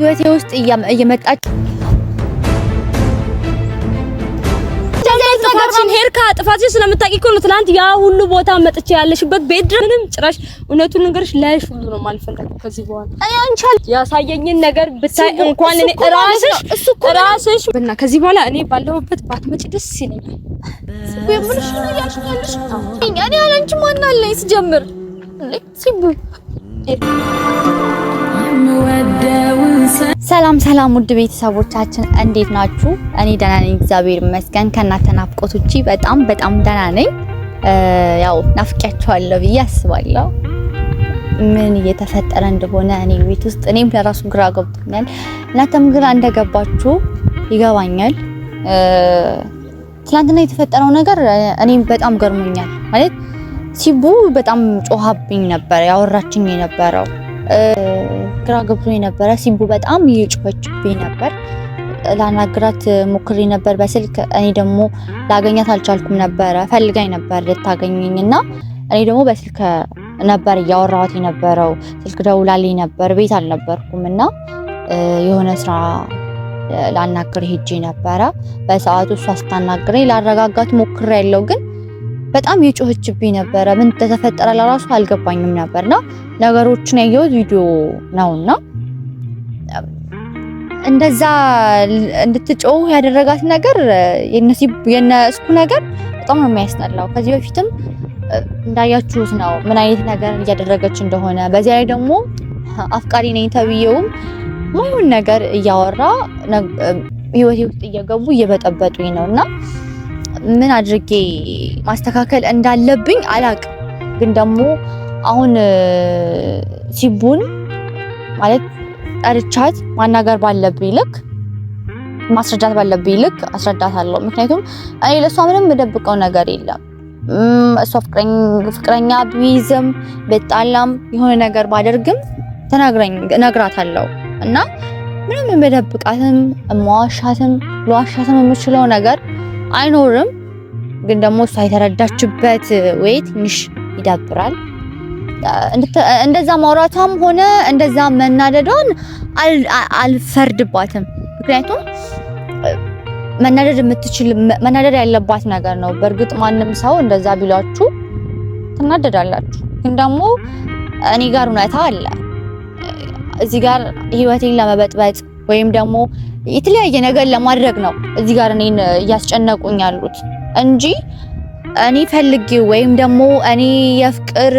ህይወቴ ውስጥ እየመጣች ጥፋትሽን ሄርካ ጥፋትሽን ስለምታውቂ እኮ ነው ትናንት ያ ሁሉ ቦታ መጥቼ ያለሽበት ቤት ድረስ ምንም ጭራሽ እውነቱን ነገርሽ ላይሽ ሁሉ ነው ማልፈልግ ከዚህ በኋላ አንቻል ያሳየኝን ነገር ብታይ እንኳን እኔ ራስሽ እሱ እኮ ራስሽ እና ከዚህ በኋላ እኔ ባለሁበት ባትመጪ ደስ ይለኛል። ወይምልሽ ነው ያሽኛልሽ እኔ አላንቺ ማን አለኝ ስጀምር ሲቡ ሰላም ሰላም ውድ ቤተሰቦቻችን እንዴት ናችሁ? እኔ ደህና ነኝ፣ እግዚአብሔር ይመስገን። ከእናንተ ናፍቆት ውጪ በጣም በጣም ደህና ነኝ። ያው ናፍቄያችኋለሁ ብዬ አስባለሁ። ምን እየተፈጠረ እንደሆነ እኔ ቤት ውስጥ እኔም ለራሱ ግራ ገብቶኛል፣ እናንተም ግራ እንደገባችሁ ይገባኛል። ትናንትና የተፈጠረው ነገር እኔም በጣም ገርሞኛል። ማለት ሲቡ በጣም ጮሃብኝ ነበር ያወራችኝ የነበረው ግራ ገብቶ የነበረ ሲምቡ በጣም እየጮኸችብኝ ነበር። ላናግራት ሞክሬ ነበር በስልክ እኔ ደግሞ ላገኛት አልቻልኩም ነበረ። ፈልጋኝ ነበር ልታገኘኝ እና እኔ ደግሞ በስልክ ነበር እያወራኋት የነበረው። ስልክ ደውላልኝ ነበር፣ ቤት አልነበርኩም እና የሆነ ስራ ላናግር ሄጄ ነበረ በሰዓቱ። እሷ ስታናግረኝ ላረጋጋት ሞክሬ ያለው ግን በጣም የጮህችብኝ ነበረ። ምን ተፈጠረ ለራሱ አልገባኝም ነበር ነበርና ነገሮችን ያየሁት ቪዲዮ ነውና እንደዛ እንድትጮህ ያደረጋት ነገር የነሲብ የነስኩ ነገር በጣም ነው የሚያስጠላው። ከዚህ በፊትም እንዳያችሁት ነው ምን አይነት ነገር እያደረገች እንደሆነ። በዚያ ላይ ደግሞ አፍቃሪ ነኝ ተብዬውም ምን ነገር እያወራ ህይወቴ ውስጥ እየገቡ እየበጠበጡኝ ነውና ምን አድርጌ ማስተካከል እንዳለብኝ አላቅም። ግን ደግሞ አሁን ሲቡን ማለት ጠርቻት ማናገር ባለብኝ ልክ ማስረዳት ባለብኝ ልክ አስረዳታለሁ። ምክንያቱም እኔ ለእሷ ምንም የምደብቀው ነገር የለም። እሷ ፍቅረኛ ቢይዝም ብጣላም የሆነ ነገር ባደርግም ተናግረኝ እነግራታለሁ እና ምንም የምደብቃትም የማዋሻትም ለዋሻትም የምችለው ነገር አይኖርም፣ ግን ደግሞ እሷ የተረዳችበት ወይ ትንሽ ይዳብራል። እንደዛ ማውራቷም ሆነ እንደዛ መናደዷን አልፈርድባትም። ምክንያቱም መናደድ የምትችል መናደድ ያለባት ነገር ነው። በእርግጥ ማንም ሰው እንደዛ ቢሏችሁ ትናደዳላችሁ። ግን ደግሞ እኔ ጋር እውነታ አለ። እዚህ ጋር ህይወቴን ለመበጥበጥ ወይም ደግሞ የተለያየ ነገር ለማድረግ ነው እዚህ ጋር እኔን እያስጨነቁኝ ያሉት እንጂ እኔ ፈልጌ ወይም ደግሞ እኔ የፍቅር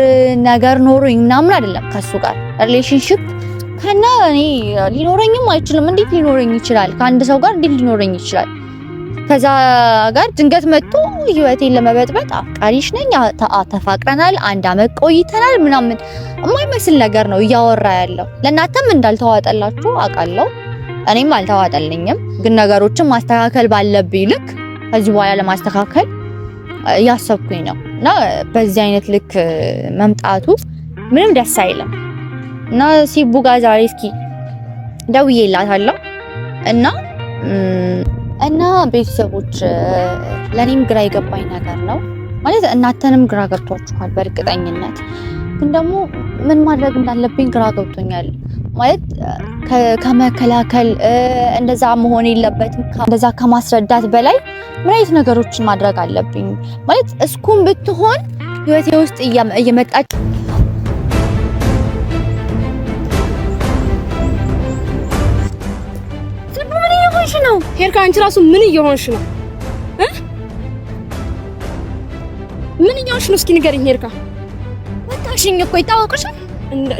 ነገር ኖሮኝ ምናምን አይደለም። ከሱ ጋር ሪሌሽንሽፕ ከነ እኔ ሊኖረኝም አይችልም። እንዴት ሊኖረኝ ይችላል? ከአንድ ሰው ጋር እንዴት ሊኖረኝ ይችላል? ከዛ ጋር ድንገት መጥቶ ህይወቴን ለመበጥበጥ አፍቃሪሽ ነኝ፣ ተፋቅረናል፣ አንድ አመት ቆይተናል ምናምን የማይመስል ነገር ነው እያወራ ያለው። ለእናንተም እንዳልተዋጠላችሁ አውቃለሁ። እኔም አልተዋጠልኝም። ግን ነገሮችን ማስተካከል ባለብኝ ልክ ከዚህ በኋላ ለማስተካከል እያሰብኩኝ ነው እና በዚህ አይነት ልክ መምጣቱ ምንም ደስ አይልም እና ሲቡ ጋር ዛሬ እስኪ ደውዬላታለሁ እና እና ቤተሰቦች ለእኔም ግራ የገባኝ ነገር ነው ማለት እናንተንም ግራ ገብቷችኋል በእርግጠኝነት ግን ደግሞ ምን ማድረግ እንዳለብኝ ግራ ገብቶኛል። ማለት ከመከላከል እንደዛ መሆን የለበትም እንደዛ ከማስረዳት በላይ ምን አይነት ነገሮችን ማድረግ አለብኝ? ማለት እስኩም ብትሆን ህይወቴ ውስጥ እየመጣች ነው ሄርካ፣ አንቺ ራሱ ምን እየሆንሽ ነው? ምን እየሆንሽ ነው? እስኪ ንገሪኝ ሄርካ። አደረግሽኝ እኮ ይታወቅሻል።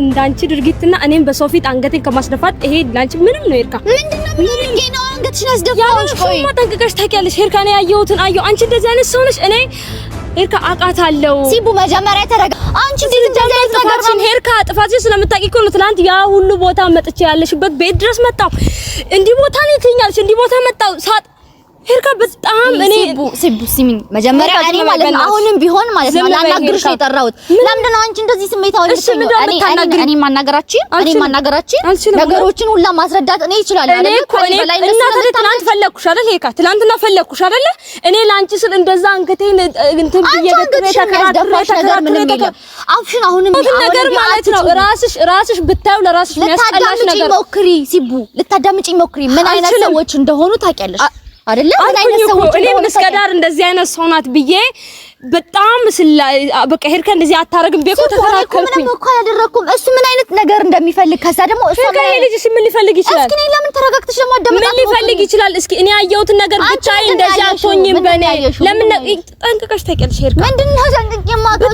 እንዳንቺ ድርጊትና እኔም በሰው ፊት አንገቴን ከማስደፋት ይሄ ላንቺ ምንም ነው። ይርካ ምንድነው? ምንም ጌ ነው አንገትሽን አስደፋሽ። ቆይ ጠንቅቀሽ ታውቂያለሽ። ይርካ ነው ያየሁትን አየሁ። አንቺ እንደዚህ አይነት ሰው ነሽ። እኔ ይርካ አውቃታለሁ። ሲቡ መጀመሪያ ተረጋ። አንቺ እንዴት እንደዚህ አይነት ነገር ነው? ይርካ ጥፋትሽን ስለምታውቂ እኮ ነው ትናንት ያ ሁሉ ቦታ መጥቼ ያለሽበት ቤት ድረስ መጣሁ። እንዲህ ቦታ ነው ትይኛለሽ። እንዲህ ቦታ መጣሁ ሳጥ ሄርካ በጣም እኔ ሲቡ ሲቡ ሲሚኝ መጀመሪያ እኔ ማለት ነው አሁንም ቢሆን ማለት ነው ላናግርሽ የጠራሁት ለምንድን ነው አንቺ እንደዚህ ስሜታዊ ልትሆኚ? እኔ ማናገራችን እኔ ማናገራችን ነገሮችን ሁላ ማስረዳት እኔ ይችላል አይደል? እኮ እኔ እናንተ ትናንት ፈለግኩሽ አይደል? ሄርካ ትናንትና ፈለግኩሽ አይደል? እኔ ላንቺ ስል እንደዛ አንገቴን እንትን ብየገጥሬ ምንም ተከራክሬ አፍሽን አሁንም ነገር ማለት ነው ራስሽ ራስሽ ብታዩ ለራስሽ የሚያስጠላሽ ነገር ልታዳምጪኝ ሞክሪ ሲቡ፣ ልታዳምጪኝ ሞክሪ ምን አይነት ሰዎች እንደሆኑ ታውቂያለሽ። አይደለም ምን አይነት ሰዎች እኔም እስከ እንደዚህ አይነት ሰው ናት ብዬ በጣም ስላ በቃ ሄድከ እንደዚህ አታረግም ቤኮ ተከራከርኩኝ። ምንም እኮ አላደረኩም። እሱ ምን አይነት ነገር እንደሚፈልግ ከዛ ደግሞ እሱ ምን አይነት ልጅ ምን ሊፈልግ ይችላል? እስኪ ለምን ተረጋግተሽ ለማዳመጥ ምን ሊፈልግ ይችላል? እስኪ እኔ ያየሁትን ነገር ብቻዬን እንደዚህ አትሆኝም። በእኔ ለምን ጠንቅቀሽ ታውቂያለሽ? ሄድከ ምንድን ነው ጠንቅቄ የማውቀው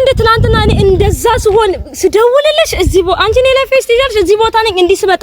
እንደ ትናንትና እኔ እንደዛ ስሆን ስደውልልሽ እዚህ አንቺ እኔ ላይ ፌስ ትይዛለሽ እዚህ ቦታ ነኝ እንዲህ ስመጣ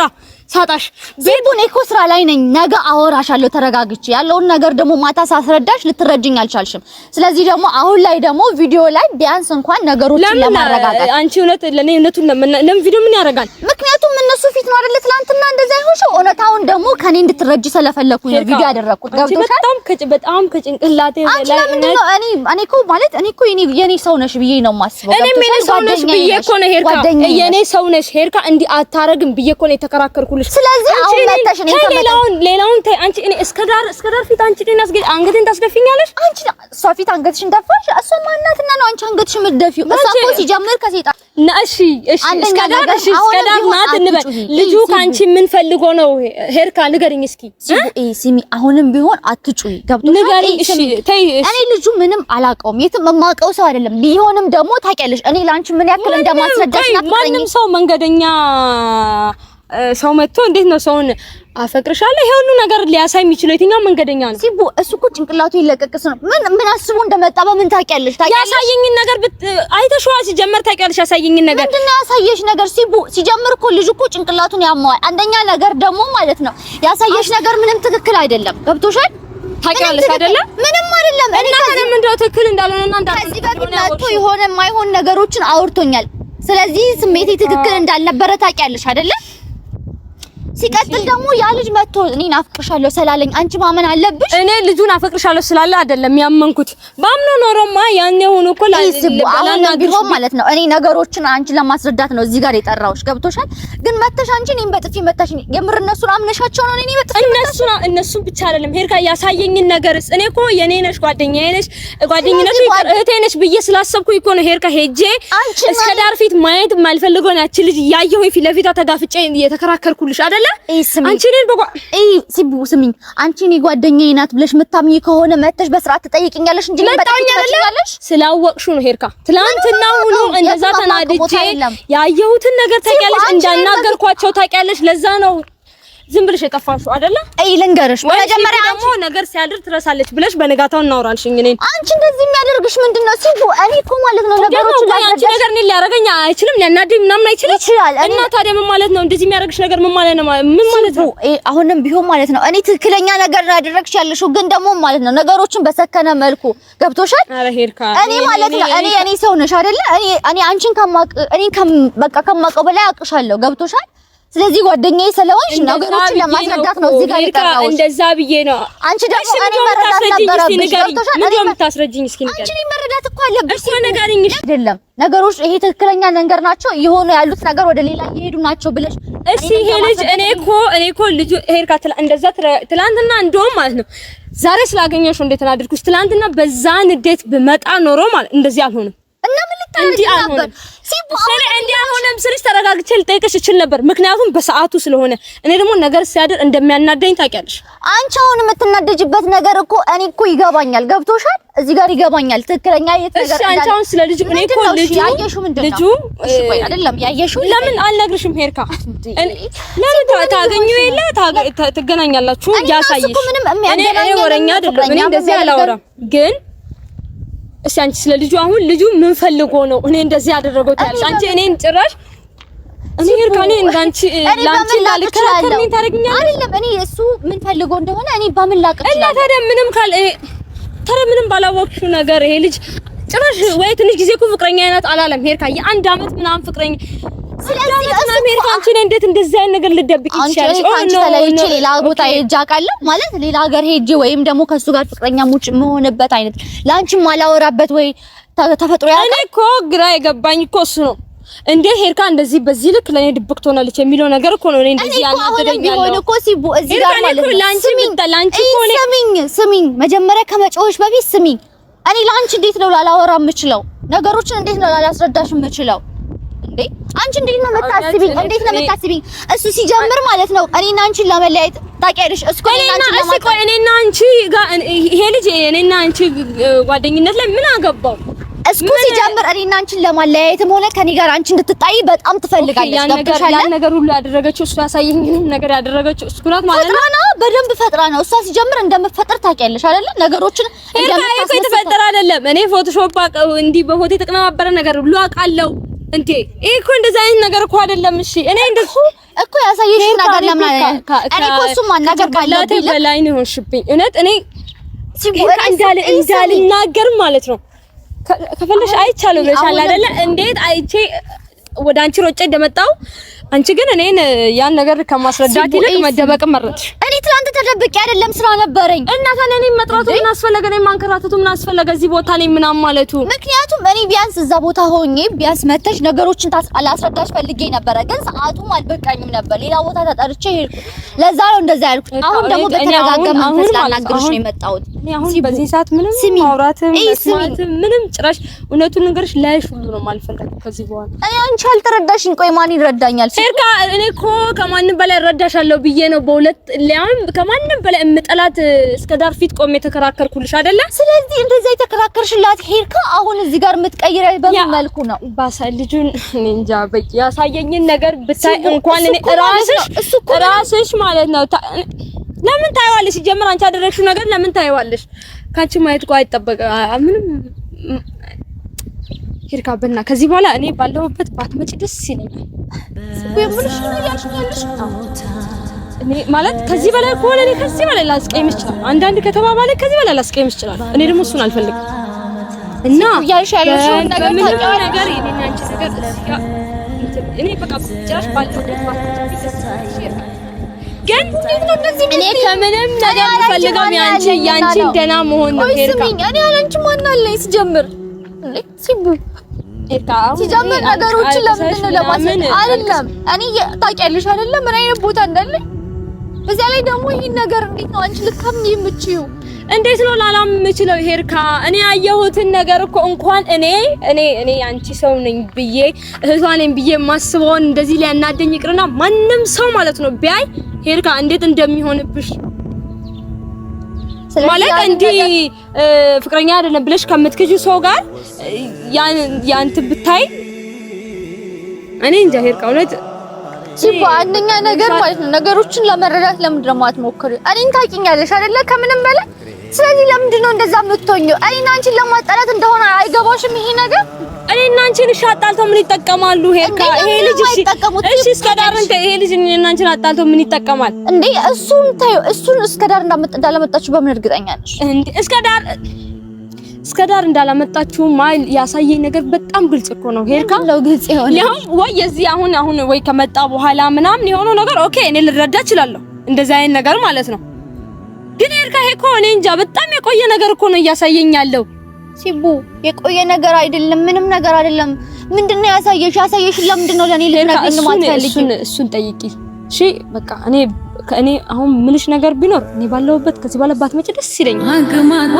ሳጣሽ ዜቡን እኮ ስራ ላይ ነኝ። ነገ አወራሻለሁ ተረጋግቼ። ያለውን ነገር ደግሞ ማታ ሳስረዳሽ ልትረጅኝ አልቻልሽም። ስለዚህ ደግሞ አሁን ላይ ደግሞ ቪዲዮ ላይ ቢያንስ እንኳን ነገሮችን ለማረጋጋት አንቺ እውነት ለኔ እውነቱን ለምን ቪዲዮ ምን ያደርጋል? ምክንያቱም እነሱ ፊት ነው አይደል ትናንትና እንደዛ ይሆንሽ። እውነታውን ደግሞ ከኔ እንድትረጅ ስለፈለኩኝ ነው ቪዲዮ ያደረኩት። ገብቶሻል? በጣም ከጭ በጣም ከጭንቅላቴ ላይ አንቺ ነው። እኔ እኔ እኮ ማለት እኔ እኮ የኔ ሰው ነሽ ብዬ ነው የማስበው። እኔ የኔ ሰው ነሽ ብዬ እኮ ነው ሄርካ፣ የኔ ሰው ነሽ ሄርካ እንዲህ አታረግም ብዬ እኮ ነው የተከራከርኩልሽ አለብሽ። ስለዚህ አሁን መጣሽ ነው ሌላውን ሌላውን ተይ አንቺ እኔ እስከ ዳር እስከ ዳር ፊት አንቺ ጤና አስገ አንገቴን ታስደፊኛለሽ። አንቺ እሷ ፊት አንገትሽን ደፋሽ። እሷ ማናትና ነው አንቺ አንገትሽ ምትደፊው? እሷ እኮ ሲጀምር ከሴጣን እሺ፣ እሺ እስከ ዳር እሺ፣ እስከ ዳር ናት እንበል። ልጁ ካንቺ ምን ፈልጎ ነው? ሄርካ ንገሪኝ እስኪ። ሲሚ አሁንም ቢሆን አትጩይ፣ ገብቶሻል? ንገሪኝ እሺ። ተይ እኔ ልጁ ምንም አላውቀውም፣ የትም የማውቀው ሰው አይደለም። ቢሆንም ደግሞ ታውቂያለሽ እኔ ለአንቺ ምን ያክል እንደማስረዳሽ ማንም ሰው መንገደኛ ሰው መጥቶ እንዴት ነው ሰውን አፈቅርሻለሁ ይሄ ሁሉ ነገር ሊያሳይ የሚችለው የትኛው መንገደኛ ነው? ሲቡ እሱ እኮ ጭንቅላቱ ይለቀቅስ ነው። ምን ምን አስቦ እንደመጣ በምን ታውቂያለሽ? ታውቂያለሽ ያሳየኝን ነገር አይተሽዋ ሲጀመር ታውቂያለሽ? ያሳየኝን ነገር ምንድን ነው ያሳየሽ ነገር? ሲቡ ሲጀምር እኮ ልጅ እኮ ጭንቅላቱን ያማዋል። አንደኛ ነገር ደግሞ ማለት ነው ያሳየሽ ነገር ምንም ትክክል አይደለም። ገብቶሻል? ታውቂያለሽ አይደለም? ምንም አይደለም። እኔ እና ምን እንደው ትክክል እንዳልሆነና እንዳልሆነ የሆነ የማይሆን ነገሮችን አውርቶኛል። ስለዚህ ስሜቴ ትክክል እንዳልነበረ ታውቂያለሽ አይደለም? ሲቀጥል ደግሞ ያ ልጅ መጥቶ እኔ ናፍቅሻለሁ ስላለኝ አንቺ ማመን አለብሽ። እኔ ልጁን ናፍቅሻለሁ ስላለ አይደለም ያመንኩት። ባምኖ ኖሮማ ያኔ ሆኖ እኮ ቢሆን ማለት ነው። እኔ ነገሮችን አንቺ ለማስረዳት ነው እዚህ ጋር የጠራሁሽ። ገብቶሻል? ግን መተሽ አንቺ እኔን በጥፊ መታሽ። የምር እነሱን አምነሻቸው ነው? እኔ በጥፊ እነሱ እነሱ ብቻ አይደለም ሄርካ ያሳየኝን ነገርስ እኔ እኮ የኔ ነሽ ጓደኛዬ ነሽ ጓደኝነቱ እህቴ ነሽ ብዬ ስላሰብኩኝ እኮ ነው ሄርካ ሄጄ እስከ ዳር ፊት ማየት የማልፈልገውን ያቺ ልጅ እያየሁኝ ፊት ለፊቷ ተጋፍጬ እየተከራከርኩልሽ አይደለም ስሚኝ፣ አንቺ እኔ ጓደኛዬ ናት ብለሽ የምታምኚ ከሆነ መተሽ በስርዓት ትጠይቅኛለሽ እንጂ ስላወቅሹ ነው ሄርካ። ትናንትና ሁሉ እንደዛ ተናድጄ ያየሁትን ነገር ታውቂያለሽ፣ እንዳናገርኳቸው ታውቂያለሽ። ለዛ ነው ዝም ብለሽ የጠፋሽው አይደለ? አይ ልንገርሽ፣ መጀመሪያ ደግሞ ነገር ሲያድር ትረሳለች ብለሽ በነጋታው እናወራልሽ። እኔን አንቺ እንደዚህ የሚያደርግሽ ምንድነው? ሲቡ እኔ እኮ ማለት ነው ነገሮችን ላይ አንቺ ነገር እኔን ሊያደርገኝ አይችልም፣ ሊያናድድ ምናምን አይችልም ይችላል። እና ታዲያ ምን ማለት ነው? እንደዚህ የሚያደርግሽ ነገር ምን ማለት ነው? ምን ማለት ነው? አሁንም ቢሆን ማለት ነው እኔ ትክክለኛ ነገር ያደረግሽ ያለሽው፣ ግን ደግሞ ማለት ነው ነገሮችን በሰከነ መልኩ ገብቶሻል። አረ እኔ ማለት ነው እኔ እኔ ሰው ነሽ አይደለ? እኔ እኔ አንቺን ከማቅ እኔ ከም በቃ ከማቀው በላይ አቅሻለሁ። ገብቶሻል ስለዚህ ጓደኛዬ ስለሆንሽ ነገሮችን ለማስረዳት ነው እዚህ ጋር የጠራሁሽ። እንደዛ ብዬ ነው። አንቺ ደግሞ እኔ መረዳት ነበረብሽ። የምታስረጅኝ እስኪ ንገሪኝ። አንቺ መረዳት እኮ አለብሽ። እሺ፣ አይደለም ነገሮች ይሄ ትክክለኛ ነገር ናቸው የሆኑ ያሉት ነገር ወደ ሌላ እየሄዱ ናቸው ብለሽ እሺ፣ ይሄ ልጅ እኔ እኮ እኔ እኮ ልጁ ሄርካ እንደዛ ትላንትና እንደውም ማለት ነው ዛሬ ስላገኘሽው እንዴት እናድርኩሽ። ትላንትና በዛ ንዴት ብመጣ ኖሮ ማለት እንደዚህ አልሆንም እና ምን ልታረጊ ነበር? አልሆነም ስልሽ ተረጋግቼ ልጠይቅሽ እችል ነበር፣ ምክንያቱም በሰዓቱ ስለሆነ። እኔ ደግሞ ነገር ሲያድር እንደሚያናደኝ ታውቂያለሽ። አንቺ አሁን የምትናደጅበት ነገር እኮ እኔ እኮ ይገባኛል፣ ገብቶሻል? እዚህ ጋር ይገባኛል። ትክክለኛ የት ነገር እሺ፣ አንቺ አሁን ስለ ልጁ እኔ እኮ ልጁ ልጁ እሺ፣ ወይ አይደለም ያየሽው? ለምን አልነግርሽም? ሄርካ ለምን ታገኘው የለ ትገናኛላችሁ፣ ያሳይሽ። እኔ ወረኛ አይደለም፣ እኔ እንደዚህ አላወራም ግን እስቲ አንቺ ስለ ልጁ አሁን ልጁ ምን ፈልጎ ነው እኔ እንደዚህ ያደረገው ታያለሽ? አንቺ እኔን ጭራሽ እኔ እርካኔ እንዳንቺ ላንቺ ላልከራከር ምን ታደርጊኛለሽ? አይደለም እኔ እሱ ምን ፈልጎ እንደሆነ እኔ በምን ላቅ እና ታዲያ ምንም ካል ታዲያ ምንም ባላወቅሽው ነገር ይሄ ልጅ ጭራሽ ወይ ትንሽ ጊዜ እኮ ፍቅረኛ አይነት አላለም ሄርካ የአንድ አመት ምናምን ፍቅረኛ ስለዚህ አንቺን እንዴት እንደዚህ አይነት ነገር ልደብቅ ይችላል? አንቺ ተለይቼ ሌላ ቦታ ሄጄ አውቃለሁ ማለት ሌላ ሀገር ሄጄ ወይም ደግሞ ከሱ ጋር ፍቅረኛ ሙጭ መሆንበት አይነት ለአንቺ ማላወራበት ወይ ተፈጥሮ እኔ እኮ ግራ የገባኝ እኮ እሱ ነው። እንዴ ሄርካ እንደዚህ በዚህ ልክ ለኔ ድብቅ ትሆናለች የሚለው ነገር እኮ ነው። እኔ ስሚኝ፣ መጀመሪያ ከመጮሽ በፊት ስሚኝ። እኔ እንዴት ነው ላላወራ የምችለው? ነገሮችን እንዴት ነው ላላስረዳሽ የምችለው? አንቺ እንዴት ነው የምታስቢኝ? እንዴት ነው የምታስቢኝ? እሱ ሲጀምር ማለት ነው እኔና አንቺን ለመለያየት ታውቂያለሽ። እስኮ እኔና እሱ ቆይ እኔና አንቺ ይሄ ልጅ እኔና አንቺ ጓደኝነት ላይ ምን አገባው? እስኩ ሲጀምር እኔና አንቺን ለማለያየትም ሆነ ከኔ ጋር አንቺ እንድትጣይ በጣም ትፈልጋለች። ገብቶሻል? ያን ነገር ሁሉ ያደረገችው እሱ ያሳየኝ ነገር ያደረገችው እሱ ናት ማለት ነው። ፈጥራ ነው፣ በደንብ ፈጥራ ነው። እሷ ሲጀምር እንደምፈጥር ታውቂያለሽ አይደለ? ነገሮችን እንደምታስመስል አይደለም። እኔ ፎቶሾፕ እንዲህ በፎቶ የተቀነባበረ ነገር ሁሉ አውቃለሁ። እንዴ ይሄ እኮ እንደዛ አይነት ነገር እኮ አይደለም። እሺ እኔ እንደሱ እኮ ያሳየሽ ነገር ለምን እኔ እኮ እሱማ ካለብኝ በላይ ነው የሆንሽብኝ። እውነት እኔ እንዳል እንዳልናገር ማለት ነው ከፈለሽ አይቻለሁ ብለሻል አይደለ? እንዴት አይቼ ወደ አንቺ ሮጬ እንደመጣው አንቺ ግን እኔን ያን ነገር ከማስረዳት ይልቅ መደበቅን መረጥሽ። እኔ ትናንት ተደብቄ አይደለም ስራ ነበረኝ እና ታዲያ እኔን መጥራቱ ምን አስፈለገ? እኔን ማንከራተቱ ምን አስፈለገ? እዚህ ቦታ እኔ ምናምን ማለቱ ምክንያት ምክንያቱም እኔ ቢያንስ እዛ ቦታ ሆኜ ቢያንስ መተሽ ነገሮችን ላስረዳሽ ፈልጌ ነበረ፣ ግን ሰዓቱም አልበቃኝም ነበር። ሌላ ቦታ ተጠርቼ ሄድኩ። ለዛ ነው እንደዛ ያልኩት። አሁን ደግሞ በተረጋጋ መንፈስ ላናግርሽ ነው የመጣሁት። በዚህ ሰዓት ምንም ማውራትም መስማትም ምንም ጭራሽ እውነቱን ነገርሽ ላይሽ ሁሉ ነው የማልፈልገው ከዚህ በኋላ። እኔ አንቺ አልተረዳሽኝ። ቆይ ማን ይረዳኛል? ሄርካ እኔ እኮ ከማንም በላይ እረዳሻለሁ ብዬ ነው በሁለት ሊያም ከማንም በላይ እምጠላት እስከ ዳር ፊት ቆሜ የተከራከርኩልሽ አይደለ? ስለዚህ እንደዛ የተከራከርሽላት ሄርካ አሁን እዚህ ጋር የምትቀይረ በምን መልኩ ነው? ባሳ ልጁን እንጃ በቂ ያሳየኝን ነገር ብታይ እንኳን እኔ ራስሽ እሱ ራስሽ ማለት ነው። ለምን ታይዋለሽ? ጀምር አንቺ ያደረግሽው ነገር ለምን ታይዋለሽ? ካንቺ ማየት ቆይ አይጠበቅ ምንም ሄርካብና ከዚህ በኋላ እኔ ባለሁበት ባትመጪ ደስ ይለኛል። ማለት ከዚህ በላይ ከሆነ እኔ ከዚህ በላይ ላስቀይምሽ ይችላል። አንዳንድ ከተባባለ ከዚህ በላይ ላስቀይምሽ ይችላል። እኔ ደግሞ እሱን አልፈልግም። እና ያልሽ ነገር ታውቂው ነገር የኔና አንቺ ነገር እኔ በቃ ጭራሽ እኔ ከምንም ነገር ፈልገው ያንቺ ያንቺ ደህና መሆን ነው። እኔ አላንቺ ማን አለኝ ሲጀምር ሲቡ ሲጀምር ነገሮችን ለምንድን ነው አይደለም። እኔ ታውቂያለሽ አይደለም ምን አይነት ቦታ እንዳለኝ በዛ ላይ ደግሞ ይህን ነገር እንዴት ነው አንቺ ልታምኚ የምችይው? እንዴት ነው ላላም የምችለው? ሄርካ እኔ ያየሁትን ነገር እኮ እንኳን እኔ እኔ እኔ አንቺ ሰው ነኝ ብዬ እህቷ ነኝ ብዬ የማስበውን እንደዚህ ሊያናደኝ ይቅርና ማንም ሰው ማለት ነው ቢያይ ሄርካ እንዴት እንደሚሆንብሽ ማለት እንዲህ ፍቅረኛ አይደለም ብለሽ ከምትክጂ ሰው ጋር ያን ያንተ ብታይ እኔ እንጃ ሄርካ እውነት አንደኛ ነገር ማለት ነው ነገሮችን ለመረዳት ለምንድን ነው የማትሞክሪው? እኔን ታውቂኛለሽ አይደለ? ከምንም በላይ ስለዚህ ለምንድን ነው እንደዛ የምትሆኝው? እኔን አንቺን ለማጣላት እንደሆነ አይገባሽም ይሄ ነገር። እኔና አንቺን እሺ አጣልተው ምን ይጠቀማሉ? ሄርካ ይሄ ልጅ እሺ እሺ እስከ ዳር እንትን ይሄ ልጅ እኔና አንቺን አጣልተው ምን ይጠቀማል እንዴ? እሱን ታዩ እሱን እስከ ዳር እንዳመጣ እንዳላመጣችሁ በምን እርግጠኛ ነሽ እንዴ? እስከ ዳር እስከ ዳር እንዳላመጣችሁ ማይል ያሳየኝ ነገር በጣም ግልጽ እኮ ነው። ሄርካ ነው ግልጽ የሆነ ወይ የዚህ አሁን አሁን ወይ ከመጣ በኋላ ምናምን የሆነው ነገር ኦኬ፣ እኔ ልረዳ እችላለሁ፣ እንደዚህ አይነት ነገር ማለት ነው። ግን ሄርካ ሄኮ እኔ እንጃ በጣም የቆየ ነገር እኮ ነው እያሳየኝ ያለው። ሲቡ የቆየ ነገር አይደለም፣ ምንም ነገር አይደለም። ምንድነው ያሳየሽ? ያሳየሽ ለምንድን ነው ለኔ ልነግርሽ ማለት እሱን እሱን ጠይቂ እሺ በቃ እኔ ከእኔ አሁን ምንሽ ነገር ቢኖር እኔ ባለውበት ከዚህ በኋላ ባትመጪ ደስ ይለኛል።